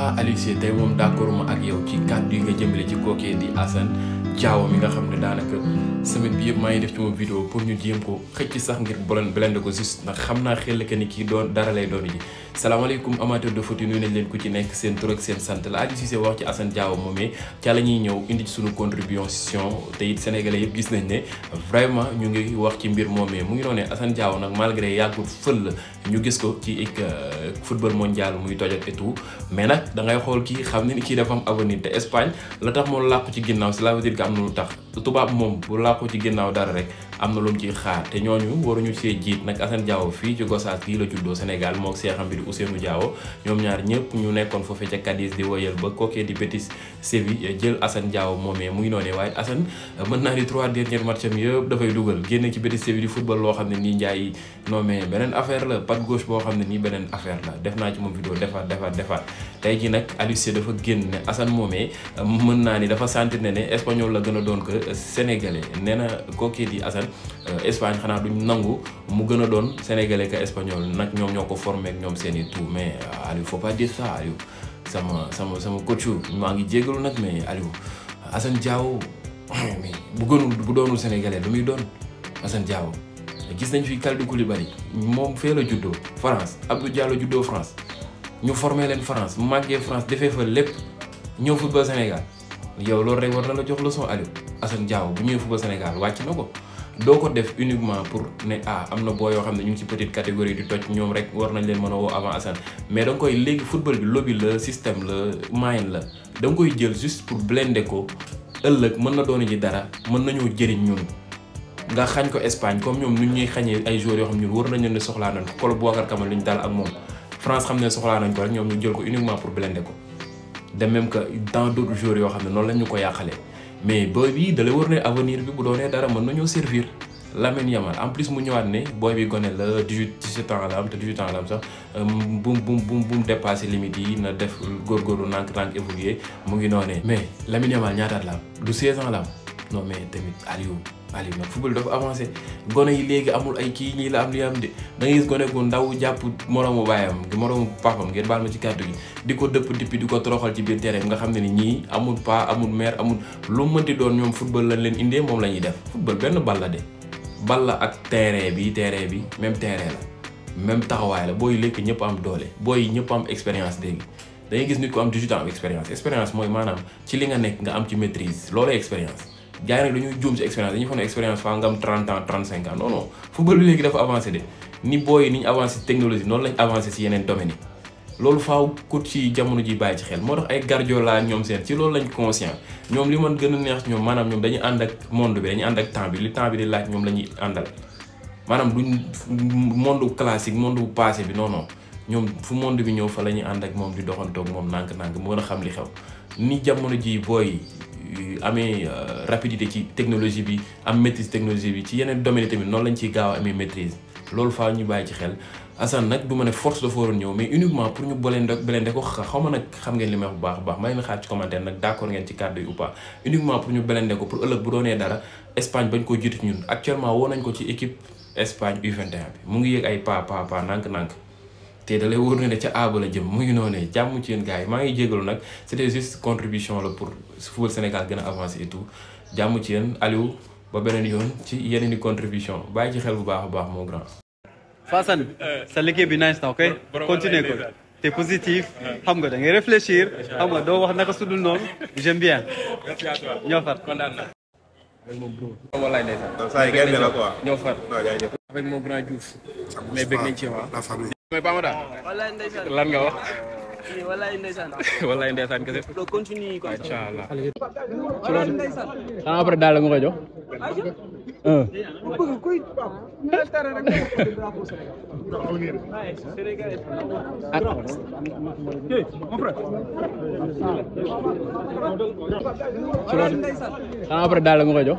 ah Aliou Cissé tey moom d'accord ak yow ci kàddu yi nga jëmale ci kookee di Assane Diao mi nga xam ne daanaka semaine bi yëpp maa ngi def ci moom vidéo pour ñu jéem ko xëcc sax ngir bolen blende ko juste ndax xam naa xel que ni ki doon dara lay doon ji salaamaaleykum amateur de foot yi nuyu leen ku ci nekk seen tur ak seen sant la Aliou Cissé wax ci Assane Diao moomee ca la ñuy ñëw indi ci suñu contribution te it sénégalais yëpp gis nañ ne vraiment ñu ngi wax ci mbir moom moomee mu ngi noonee Assane Diao nag malgré yàggul fël ñu gis ko ci euh, football mondial muy tojat et tout mais nag da ngay xool kii xam ne ni kii dafa am avenir te Espagne la tax moom làqu ci ginnaaw cela veut dire que am na lu tax te tubaab moom bu làqu ci ginnaaw dara rek am na lu mu ciy xaar te ñooñu waruñu see jiit nag Assane Diao fii ci Gossas gii la juddoo Sénégal moo seexam bi di Ousseynou Diao ñaar ñëpp ñu nekkoon foofee ca Cadiz di woyal ba kookee di Betis Séville jël Assane Diao moomee muy noonee waaye Assane mën naa ni trois derniers matchs am génn ci Betis Séville di football loo xam ne nii Ndiaye non mais affaire la pat gauche boo xam ne nii beneen affaire la def naa ci moom vidéo defaat defaat defaat tey jii nag Aliou Cissé dafa génn ne Assane moomee mën naa ni dafa sentir ne ne la gën a doon que sénégalais nee na kookee di Assane euh, Espagne xanaa duñ nangu mu gën a doon sénégalais que espagnol nag ñoom ñoo ko formé ak ñoom seen i tout mais euh, Aliou faut pas dire ça Aliou sama sama sama coach maa ngi jégalu nag mais Aliou Assane Diao mais bu gënul bu doonul sénégalais lu muy doon Assane Diao gis nañ fi Kalidou Koulibaly moom fee la juddoo France Abdou Diallo juddoo France ñu formé leen France mu màggee France defee fa lépp ñëw football Sénégal. yow loolu rek war na la jox leçon Aliou Assane Diao bu ñëwee football Sénégal wàcc na ko doo ko def uniquement pour ne a ah, am na boo yoo xam ne ñu ngi ci petite catégorie di toj ñoom rek war nañ leen mën a woo avant Assane mais da nga koy léegi football bi lobby la système la moyen la da koy jël juste pour blender ko ëllëg mën na doon ji dara mën nañoo jëriñ ñun. nga xañ ko Espagne comme ñoom nu ñuy xañee ay joueurs yoo xam ñun war nañu ne soxlaa nañ ko kolo ko rek ñu jël ko uniquement pour blender ko. de même que dans d'autres jours yoo xam ne noonu la ñu ko yàqalee mais booy bi da war ne avenir bi bu doonee dara mën nañoo servir Lamine Yamal en plus mu ñëwaat ne booy bi gone la 18 17 ans la am te 18 ans la am sax euh, bu mu bu mu bu mu dépassé limites yi na def góorgóorlu nànk nànk évoluer mu ngi noonee. mais Lamine Yamal ñaataat la am du 16 ans la am non mais tamit Aliou. Aliou nag football dafa avancé gone yi léegi amul ay kii ñii la am li am de da ngay gis gone gu ndaw jàpp moroomu baayam moroomu papam ngeen baal ma ci kàddu yi di ko dëpp dippi di ko toroxal ci biir tere terrain nga xam ne ni ñii amul pa amul mère amul lu mënti doon ñoom football lañ leen indee moom la ñuy def football benn bal la de bal la ak terrain bi terrain bi même terrain la même taxawaay la booy lekk ñëpp am doole booy ñëpp am expérience léegi da ngay gis nit ko am 18 ans mooy maanaam ci li nga nekk nga am ci maîtrise loolu expérience gars yi nag dañuy juum si expérience dañuy foog ne expérience faa nga am 30 ans 35 ans noonu lañ avancé si yeneen domaines yi loolu faaw ku ci jamono ji bàyyi ci xel moo tax ay Guardiola ñoom seen ci loolu lañ conscient ñoom li man gën a neex ñoom maanaam ñoom dañu ànd ak monde bi dañuy ànd ak temps bi li temps bi di laaj ñoom la ñuy àndal maanaam duñ monde classique monde passé bi non non ñoom fu monde bi ñëw fa la ñuy ànd ak moom di doxantoog moom nànk-nànk mu gën a xam li xew ni jamono ji amee euh, rapidité ci technologie bi am maîtrise technologie bi ci yeneen domaine tamit noonu lañ ciy gaaw a amee maîtrise loolu faa ñu bàyyi ci xel assan nag du ma ne force dafa waroon ñëw mais uniquement pour ñu blende blende ko xaw ma nag xam ngeen li bu baax a baax ma leen xaar ci commentaire nag d'accord ngeen ci kàddu yi ou pas uniquement pour ñu blende ko pour ëllëg bu doonee dara Espagne bañ ko jiitu ñun actuellement woo nañ ko ci équipe Espagne U21 bi mu ngi yéeg ay pa pa pa nànk-nànk te da lay ca aaba la jëm mu ngi noonu jàmm ci yéen gars maa ngi jégalu nag c'était juste contribution la pour football Sénégal gën a avancer et tout jàmm ci yéen Aliou ba beneen yoon ci yeneen i contribution bàyyi ci xel bu baax a baax moo grand. Fassane eh, eh. sa liggéey bi nice na ok continue ko te positif eh. xam nga da ngay réfléchir xam nga doo wax naka sudul noonu j'aime bien ñoo far kontaan na wallaay ndeysaan ñoo far avec mon grand Diouf mais bëgg nañ ci waa mais Bamara lan nga wax. walaay daal la nga koy jox.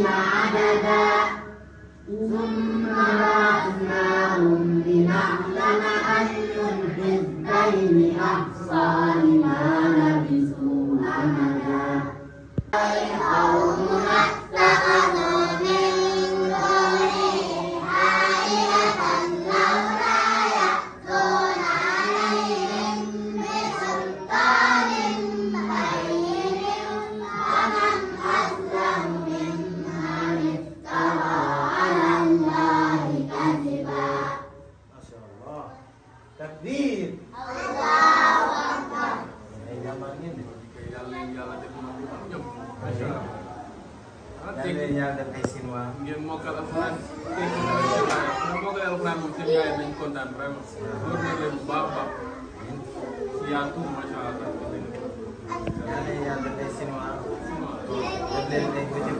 معبدا ngeen ñaanal ay Sinwaa. ngeen mokkal alxuraan tey jii moom mokkal alxuraan moom seen yaay nañu kontaan vraiment. loolu mooy leen bu baax a baax. yaatu macha allah. ñaanal yàlla ay Sinwaa. def leen ay bëccëg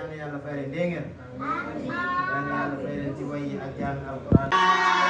yal na yàlla fay leen dégg ngeen yal na yàlla fay leen ci way yi ak jàng alquran